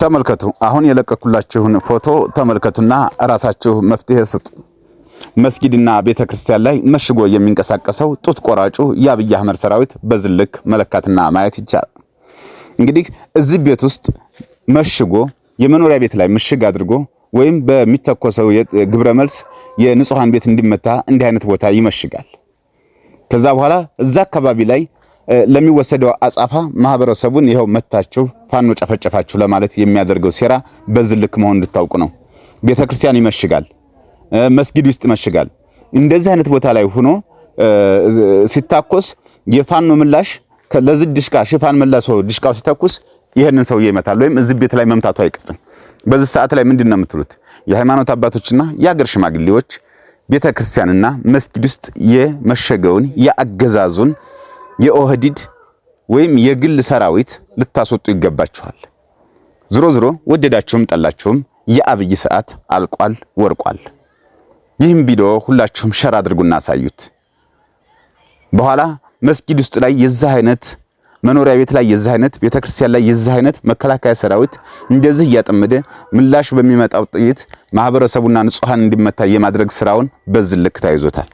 ተመልከቱ። አሁን የለቀኩላችሁን ፎቶ ተመልከቱና ራሳችሁ መፍትሄ ስጡ። መስጊድና ቤተ ክርስቲያን ላይ መሽጎ የሚንቀሳቀሰው ጡት ቆራጩ የአብይ አህመድ ሰራዊት በዝልክ መለካትና ማየት ይቻላል። እንግዲህ እዚህ ቤት ውስጥ መሽጎ የመኖሪያ ቤት ላይ ምሽግ አድርጎ ወይም በሚተኮሰው ግብረ መልስ የንጹሐን ቤት እንዲመታ እንዲህ አይነት ቦታ ይመሽጋል። ከዛ በኋላ እዛ አካባቢ ላይ ለሚወሰደው አጻፋ ማህበረሰቡን ይኸው መታችሁ ፋኖ ጨፈጨፋችሁ ለማለት የሚያደርገው ሴራ በዝልክ ልክ መሆን እንድታውቁ ነው። ቤተ ክርስቲያን ይመሽጋል፣ መስጊድ ውስጥ ይመሽጋል። እንደዚህ አይነት ቦታ ላይ ሆኖ ሲታኮስ የፋኖ ምላሽ ለዚህ ድሽቃ ሽፋን ምላሽ ድሽቃው ሲተኩስ ይሄንን ሰውዬ ይመታል፣ ወይም እዚህ ቤት ላይ መምታቱ አይቀርም። በዚህ ሰዓት ላይ ምንድን ነው የምትሉት? የሃይማኖት አባቶችና የአገር ሽማግሌዎች ቤተ ክርስቲያንና መስጊድ ውስጥ የመሸገውን የአገዛዙን የኦህዲድ ወይም የግል ሰራዊት ልታስወጡ ይገባችኋል። ዝሮ ዝሮ ወደዳችሁም ጠላችሁም የአብይ ሰዓት አልቋል፣ ወርቋል። ይህም ቪዲዮ ሁላችሁም ሸር አድርጉና አሳዩት። በኋላ መስጊድ ውስጥ ላይ የዚህ አይነት መኖሪያ ቤት ላይ የዚህ አይነት ቤተክርስቲያን ላይ የዛህ አይነት መከላከያ ሰራዊት እንደዚህ እያጠመደ ምላሽ በሚመጣው ጥይት ማህበረሰቡና ንጹሃን እንዲመታ የማድረግ ስራውን በዝልክ ታይዞታል።